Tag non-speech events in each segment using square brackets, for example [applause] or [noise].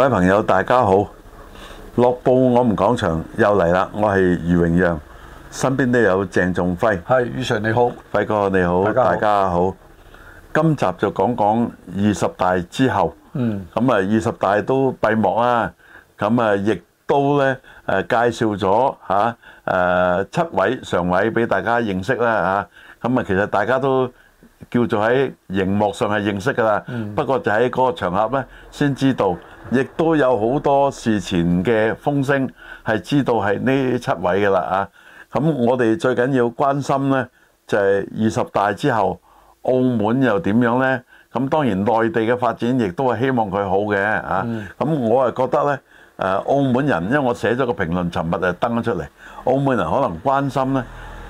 各位朋友，大家好！樂報我們講場又嚟啦，我係余榮讓，身邊都有鄭仲輝。係余常你好，輝哥你好，大家好。今集就講講二十大之後，嗯，咁啊，二十大都閉幕啦，咁啊，亦都咧誒介紹咗吓誒七位常委俾大家認識啦吓，咁啊，其實大家都。叫做喺熒幕上係認識噶啦，不過就喺嗰個場合呢先知道，亦都有好多事前嘅風聲係知道係呢七位噶啦啊！咁我哋最緊要關心呢就係二十大之後澳門又點樣呢？咁當然內地嘅發展亦都係希望佢好嘅啊！咁我係覺得呢，誒澳門人因為我寫咗個評論尋日就登咗出嚟，澳門人可能關心呢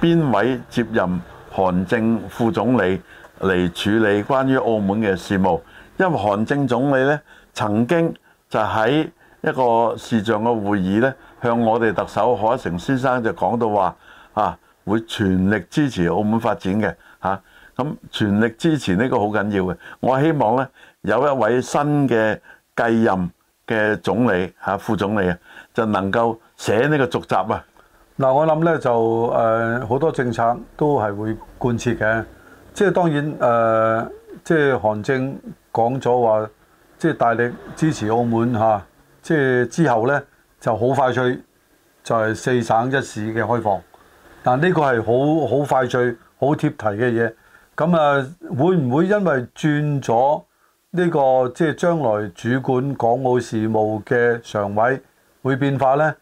邊位接任，韓正副總理嚟處理關於澳門嘅事務，因為韓正總理咧曾經就喺一個視像嘅會議咧，向我哋特首賀一誠先生就講到話啊，會全力支持澳門發展嘅嚇，咁、啊、全力支持呢個好緊要嘅，我希望咧有一位新嘅繼任嘅總理嚇、啊、副總理啊，就能夠寫呢個續集啊。嗱，我諗咧就誒好、呃、多政策都係會貫徹嘅，即係當然誒、呃，即係韓正講咗話，即係大力支持澳門嚇、啊，即係之後咧就好快脆就係、是、四省一市嘅開放。但呢個係好好快脆、好貼題嘅嘢。咁啊，會唔會因為轉咗呢、這個即係將來主管港澳事務嘅常委會變化咧？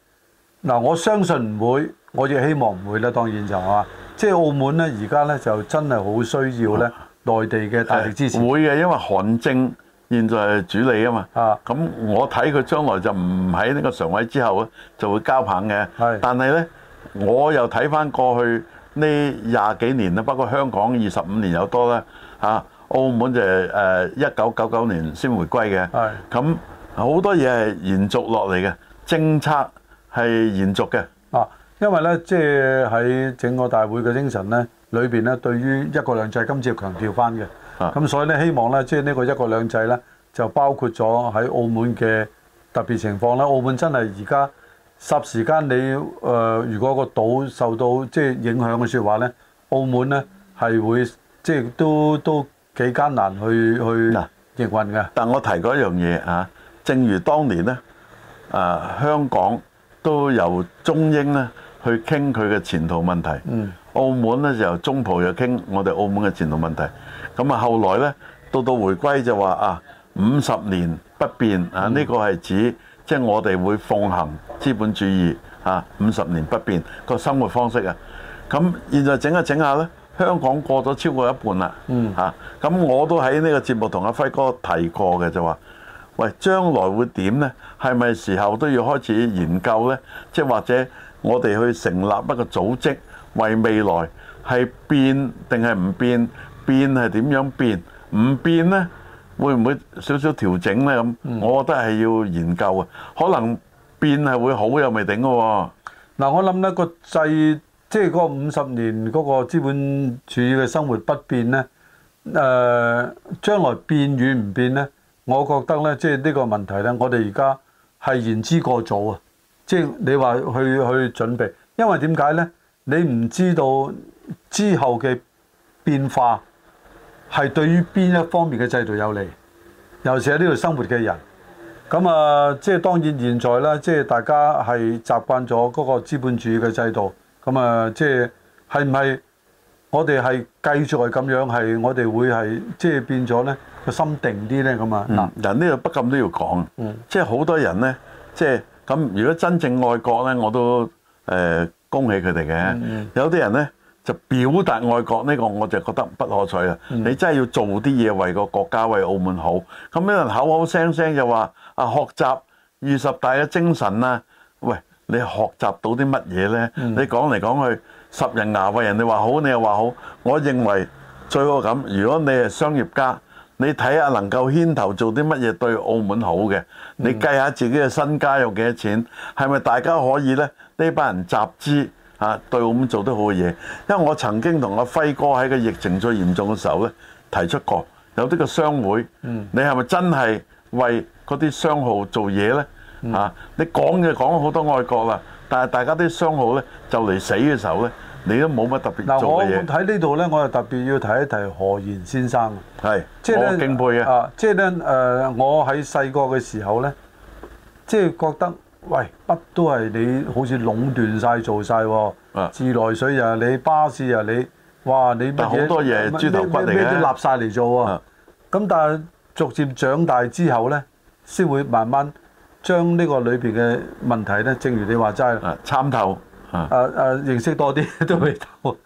嗱，我相信唔會，我亦希望唔會啦。當然就係話，即係澳門咧，而家咧就真係好需要咧內地嘅大力支持。會嘅，因為韓正現在係主理啊嘛。啊，咁我睇佢將來就唔喺呢個常委之後咧，就會交棒嘅。係是。但係咧，我又睇翻過去呢廿幾年啦，包括香港二十五年有多啦。嚇、啊，澳門就係誒一九九九年先回歸嘅。係是。咁好多嘢係延續落嚟嘅政策。係延續嘅啊，因為咧，即係喺整個大會嘅精神咧，裏邊咧，對於一國兩制今次係強調翻嘅，咁所以咧，希望咧，即係呢個一國兩制咧，就包括咗喺澳門嘅特別情況啦。澳門真係而家霎時間你誒，如果個島受到即係影響嘅説話咧，澳門咧係會即係都都幾艱難去去營運㗎。但係我提過一樣嘢嚇，正如當年咧誒香港，都由中英咧去傾佢嘅前途問題，嗯，澳門咧就由中葡又傾我哋澳門嘅前途問題。咁啊，後來咧到到回歸就話啊，五十年不變、嗯、啊、呢、這個係指即係、就是、我哋會奉行資本主義啊，五十年不變個、啊、生活方式啊。咁現在整下整下咧，香港過咗超過一半啦。嗯、嚇、啊，咁我都喺呢個節目同阿輝哥提過嘅就話。喂，將來會點咧？係咪時候都要開始研究咧？即係或者我哋去成立一個組織，為未來係變定係唔變？變係點樣變？唔變咧，會唔會少少調整咧？咁，我覺得係要研究啊。可能變係會好又未定嘅喎。嗱，我諗呢個制，即係嗰個五十年嗰個資本主義嘅生活不變咧。誒，將來變與唔變咧？我覺得咧，即係呢個問題咧，我哋而家係言之過早啊！即係你話去去準備，因為點解咧？你唔知道之後嘅變化係對於邊一方面嘅制度有利，尤其係呢度生活嘅人。咁啊，即係當然現在咧，即係大家係習慣咗嗰個資本主義嘅制度。咁啊，即係係唔係我哋係繼續係咁樣？係我哋會係即係變咗咧？個心定啲咧咁啊！嗱，嗯、人呢度不禁都要講，嗯、即係好多人呢，即係咁。如果真正愛國呢，我都誒、呃、恭喜佢哋嘅。嗯、有啲人呢，就表達愛國呢、呢個，我就覺得不可取啊！嗯、你真係要做啲嘢為個國家，為澳門好，咁啲人口口聲聲就話啊學習二十大嘅精神啊，喂，你學習到啲乜嘢呢？嗯、你講嚟講去十人牙為人哋話好，你又話好，好。我認為最好咁，如果你係商業家。你睇下能夠牽頭做啲乜嘢對澳門好嘅？你計下自己嘅身家有幾多錢？係咪大家可以咧？呢班人集資嚇對澳門做得好嘅嘢。因為我曾經同阿輝哥喺個疫情最嚴重嘅時候咧提出過，有啲個商會，嗯，你係咪真係為嗰啲商號做嘢呢？啊，你講嘅講好多愛國啦，但係大家啲商號呢，就嚟死嘅時候呢。你都冇乜特別做嘅嘢。嗱，我喺呢度呢，我就特別要提一提何賢先生。係是，呢我敬佩啊，即係呢，誒、呃，我喺細個嘅時候呢，即、就、係、是、覺得喂，乜都係你好似壟斷晒做晒，自來水又、啊、係你，巴士又、啊、係你，哇，你好多嘢豬頭骨嚟咩、啊、都立晒嚟做喎、啊。咁、啊、但係逐漸長大之後呢，先會慢慢將呢個裏邊嘅問題呢，正如你話齋、啊，參透。誒誒、啊啊、認識多啲都未到，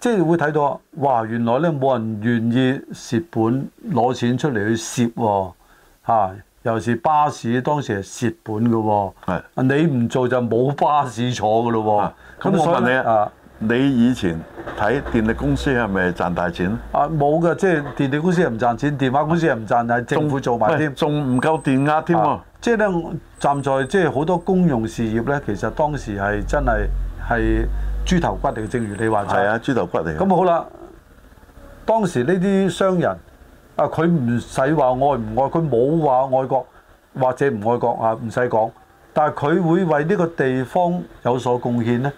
即係會睇到哇！原來咧冇人願意蝕本攞錢出嚟去蝕喎嚇，尤其是巴士當時係蝕本嘅喎。係你唔做就冇巴士坐嘅咯喎。咁我問你啊，你以前睇電力公司係咪賺大錢啊冇嘅，即係電力公司唔賺錢，電話公司又唔賺，大係政府做埋添，仲唔夠電壓添喎。即係咧，站在即係好多公用事業咧，其實當時係真係係豬頭骨嚟嘅，正如你話齋係啊，豬頭骨嚟嘅。咁好啦，當時呢啲商人啊，佢唔使話愛唔愛，佢冇話愛國或者唔愛國啊，唔使講。但係佢會為呢個地方有所貢獻咧，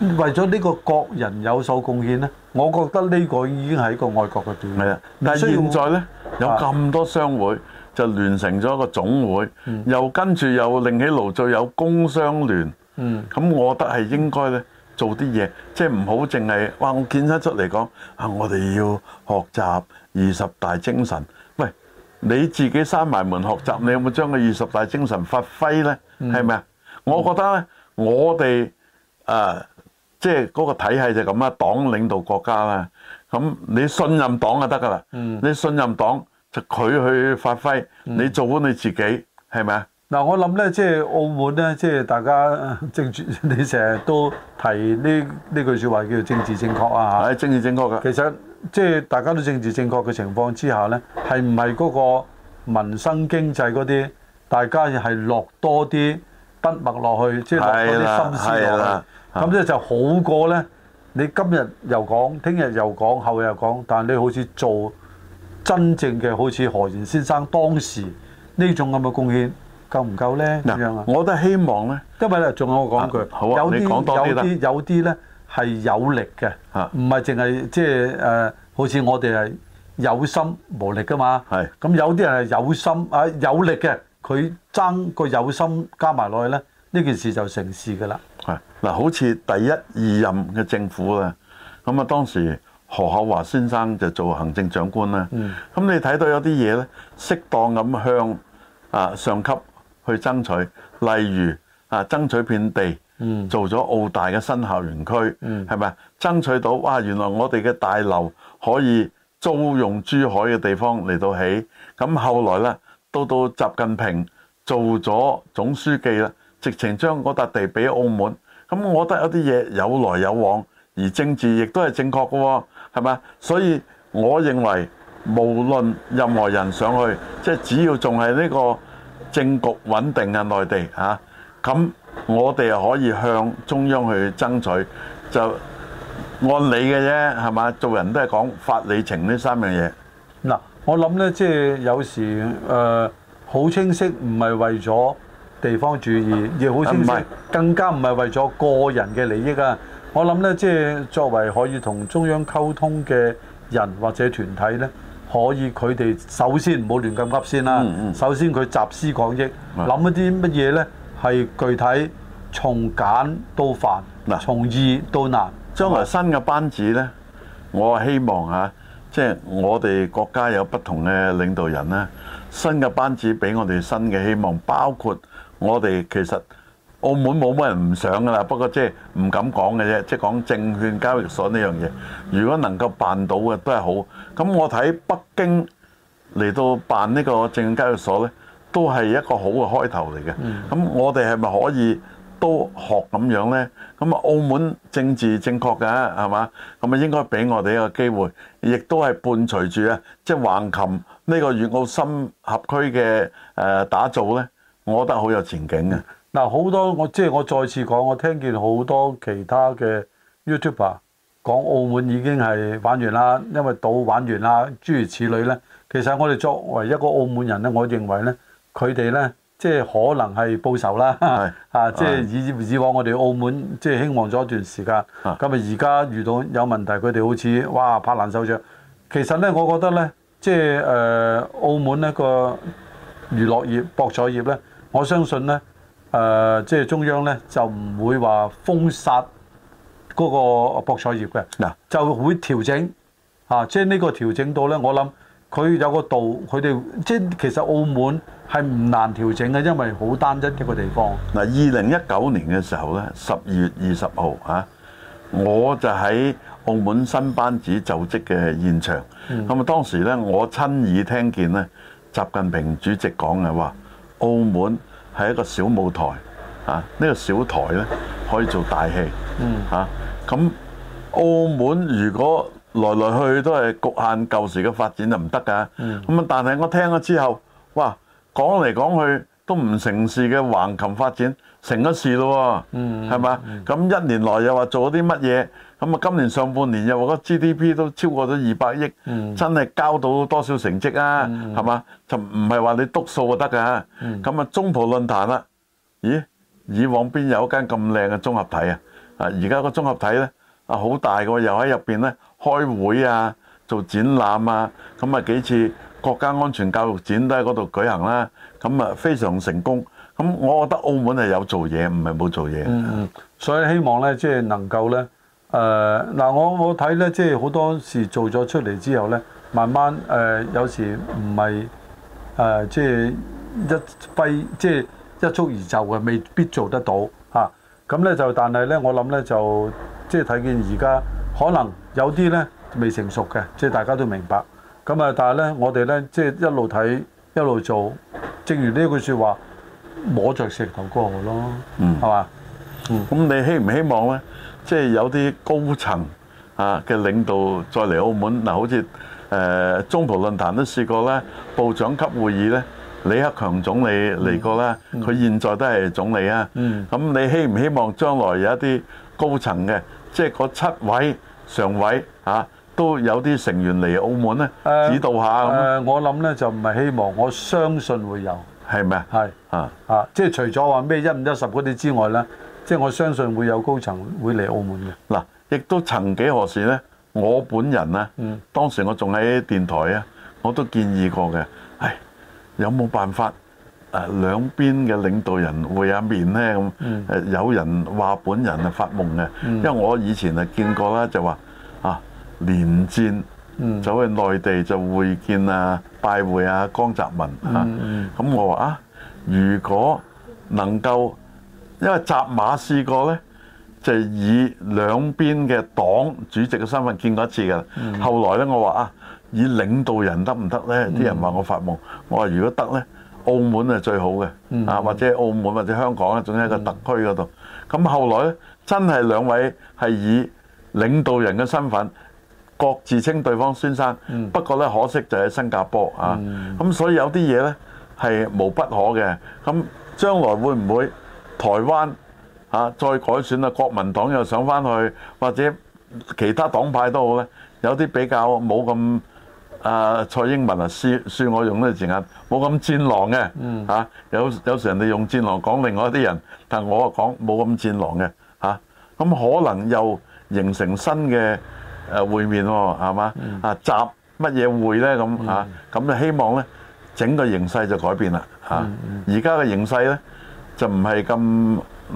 為咗呢個國人有所貢獻咧，我覺得呢個已經係一個愛國嘅點。係啊，但係現在咧有咁多商會，就聯成咗一個總會，嗯、又跟住又另起爐灶有工商聯，咁、嗯、我覺得係應該咧做啲嘢，即係唔好淨係哇！我見得出嚟講啊，我哋要學習二十大精神。喂，你自己閂埋門學習，你有冇將個二十大精神發揮呢？係咪啊？是是、嗯、我覺得呢，我哋啊，即係嗰個體系就咁啦，黨領導國家啦，咁你信任黨就得噶啦，嗯、你信任黨。就佢去發揮，你做翻你自己，係咪啊？嗱，我諗咧，即係澳門咧，即係大家政治，你成日都提呢呢句説話，叫做政治正確啊嚇。係政治正確嘅。其實即係大家都政治正確嘅情況之下咧，係唔係嗰個民生經濟嗰啲，大家係落多啲筆墨落去，即係落多啲心思落去，咁咧就好過咧。你今日又講，聽日又講，後日又講，但係你好似做。真正嘅好似何賢先生當時呢種咁嘅貢獻夠唔夠呢？咁樣啊，我都希望呢，因為咧，仲有我講句，啊啊、有啲有啲有啲咧係有力嘅，唔係淨係即係、啊、好似我哋係有心無力噶嘛。係咁、啊，有啲人係有心啊有力嘅，佢爭個有心加埋落去呢，呢件事就成事噶啦。係嗱，好似第一二任嘅政府啊，咁啊當時。何厚華先生就做行政長官啦，咁、嗯、你睇到有啲嘢咧，適當咁向啊上級去爭取，例如啊爭取片地，嗯、做咗澳大嘅新校園區，係咪啊？爭取到哇，原來我哋嘅大樓可以租用珠海嘅地方嚟到起，咁後來咧到到習近平做咗總書記啦，直情將嗰笪地俾澳門，咁我覺得有啲嘢有來有往。而政治亦都係正確嘅喎，係嘛？所以我認為，無論任何人上去，即係只要仲係呢個政局穩定嘅內地啊，咁我哋可以向中央去爭取，就按理嘅啫，係嘛？做人都係講法理情呢三樣嘢。嗱，我諗呢，即係有時誒，好，呃，清晰唔係為咗地方主義，亦好清晰是更加唔係為咗個人嘅利益啊！我諗咧，即係作為可以同中央溝通嘅人或者團體呢，可以佢哋首先唔好亂咁噏先啦。嗯嗯、首先佢集思廣益，諗、嗯、一啲乜嘢呢？係具體從簡到繁，嗯、從易到難。將來、嗯、新嘅班子呢，我希望嚇、啊，即、就、係、是、我哋國家有不同嘅領導人呢、啊，新嘅班子俾我哋新嘅希望，包括我哋其實。澳門冇乜人唔想噶啦，不過即係唔敢講嘅啫。即係講證券交易所呢樣嘢，如果能夠辦到嘅都係好。咁我睇北京嚟到辦呢個證券交易所呢，都係一個好嘅開頭嚟嘅。咁我哋係咪可以都學咁樣呢？咁啊，澳門政治正確嘅係嘛？咁啊，應該俾我哋一個機會，亦都係伴隨住啊，即係橫琴呢個粵澳深合區嘅誒打造呢，我覺得好有前景嘅。嗱，好多我即係我再次講，我聽見好多其他嘅 YouTuber 講澳門已經係玩完啦，因為賭玩完啦，諸如此類咧。其實我哋作為一個澳門人咧，我認為咧，佢哋咧即係可能係報仇啦，啊， [laughs] 即係以以往我哋澳門即係興旺咗一段時間，咁啊而家遇到有問題，佢哋好似哇拍爛手掌。其實咧，我覺得咧，即係誒、呃、澳門一個娛樂業、博彩業咧，我相信咧。誒、呃，即係中央呢，就唔會話封殺嗰個博彩業嘅，嗱、啊、就會調整嚇、啊，即係呢個調整到呢，我諗佢有個度，佢哋即係其實澳門係唔難調整嘅，因為好單一一個地方。嗱、啊，二零一九年嘅時候呢，十二月二十號啊，我就喺澳門新班子就職嘅現場，咁啊、嗯、當時呢，我親耳聽見呢習近平主席講嘅話，澳門，係一個小舞台，啊呢、呢個小台呢，可以做大戲。啊嗯啊咁、嗯、澳門如果來來去都係局限舊時嘅發展就唔得㗎。咁啊、嗯、但係我聽咗之後，哇，講嚟講去都唔成事嘅，橫琴發展成咗事咯喎，嗯，係嘛，咁一年來又話做咗啲乜嘢？咁啊，今年上半年又或者 GDP 都超過咗二百億，嗯、真係交到多少成績啊？係嘛、嗯？就唔係話你督數就得嘅。咁啊、嗯，中葡論壇啦、啊，咦？以往邊有一間咁靚嘅綜合體啊？啊，而家個綜合體咧啊，好大個，又喺入邊咧開會啊，做展覽啊，咁啊幾次國家安全教育展都喺嗰度舉行啦、啊，咁啊非常成功。咁我覺得澳門係有做嘢，唔係冇做嘢。嗯，所以希望咧，即係能夠咧。誒嗱、呃，我我睇咧，即係好多事做咗出嚟之後咧，慢慢誒、呃，有時唔係誒，即係一揮，即係一觸而就嘅，未必做得到嚇。咁、啊、咧就，但係咧，我諗咧就，即係睇見而家可能有啲咧未成熟嘅，即係大家都明白。咁啊，但係咧，我哋咧即係一路睇一路做，正如呢句説話，摸着石頭過河咯，係嘛、嗯？嗯。咁你希唔希望咧？即係有啲高層啊嘅領導再嚟澳門嗱，好似誒中葡論壇都試過咧，部長級會議咧，李克強總理嚟過啦，佢、嗯、現在都係總理啊。咁、嗯、你希唔希望將來有一啲高層嘅，即係嗰七位常委啊，都有啲成員嚟澳門咧，指導下咁、呃呃？我諗咧就唔係希望，我相信會有。係咪嗎是啊？啊啊！即係除咗話咩一五一十嗰啲之外咧。即係我相信會有高層會嚟澳門嘅。嗱，亦都曾幾何時呢，我本人呢，嗯、當時我仲喺電台啊，我都建議過嘅。唉，有冇辦法誒兩邊嘅領導人會一面呢？咁、嗯、有人話本人係發夢嘅，嗯、因為我以前啊見過啦，就話啊連戰走、嗯、去內地就會見啊拜會啊江澤民啊。咁我話啊，如果能夠因為習馬試過咧，就係以兩邊嘅黨主席嘅身份見過一次嘅。後來咧，我話啊，以領導人得唔得咧？啲人話我發夢，我話如果得咧，澳門係最好嘅啊，或者澳門或者香港啊，總之一個特區嗰度。咁後來咧，真係兩位係以領導人嘅身份各自稱對方先生。不過咧，可惜就喺新加坡啊。咁所以有啲嘢咧係無不可嘅。咁將來會唔會？台灣嚇、啊、再改選啊，國民黨又上返去，或者其他黨派都好咧。有啲比較冇咁啊，蔡英文啊，算算我用呢隻字眼冇咁戰狼嘅嚇、啊。有有時人哋用戰狼講另外啲人，但我啊講冇咁戰狼嘅嚇。咁、啊啊啊、可能又形成新嘅誒會面喎，係嘛啊集乜嘢會咧咁嚇？咁、啊啊、就希望咧整個形勢就改變啦嚇。而家嘅形勢咧。就唔係咁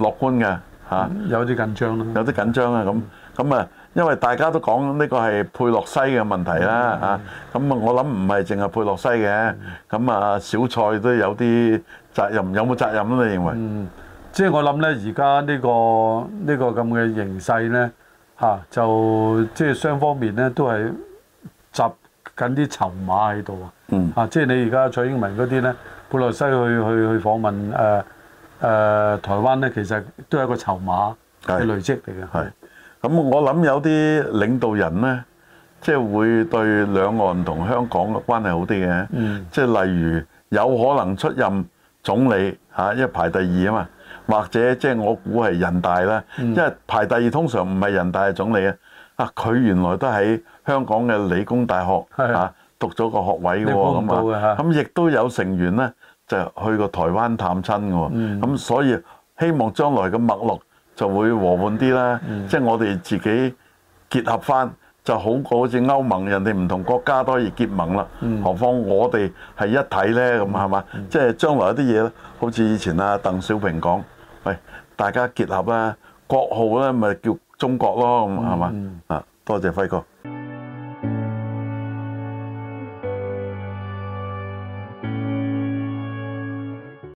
樂觀嘅嚇，有啲緊張咯，有啲緊張啊咁咁啊，因為大家都講呢個係佩洛西嘅問題啦嚇，咁啊我諗唔係淨係佩洛西嘅，咁啊小蔡都有啲責任，有冇責任咧？你認為？嗯，即係我諗咧，而家呢個呢個咁嘅形勢咧嚇，就即係雙方面咧都係集緊啲籌碼喺度啊，嗯，啊。嗯，嚇，即係你而家蔡英文嗰啲咧，佩洛西去去去訪問誒。啊誒、呃、台灣咧，其實都係一個籌碼係累積嚟嘅。係，咁我諗有啲領導人咧，即、就、係、是、會對兩岸同香港嘅關係好啲嘅。嗯，即係例如有可能出任總理嚇、啊，因為排第二啊嘛。或者即係我估係人大啦，嗯、因為排第二通常唔係人大係總理嘅。啊，佢原來都喺香港嘅理工大學嚇的、啊、讀咗個學位嘅喎。咁啊，咁亦都有成員咧。就去過台灣探親嘅喎，咁、嗯、所以希望將來嘅脈絡就會和緩啲啦。即係、嗯、我哋自己結合翻就好過好似歐盟，人哋唔同國家都可以結盟啦。嗯、何況我哋係一體呢？咁係嘛？即係、嗯、將來有啲嘢，好似以前啊鄧小平講：喂，大家結合啦，國號咧咪叫中國咯，咁係嘛？啊、嗯，嗯、多謝輝哥。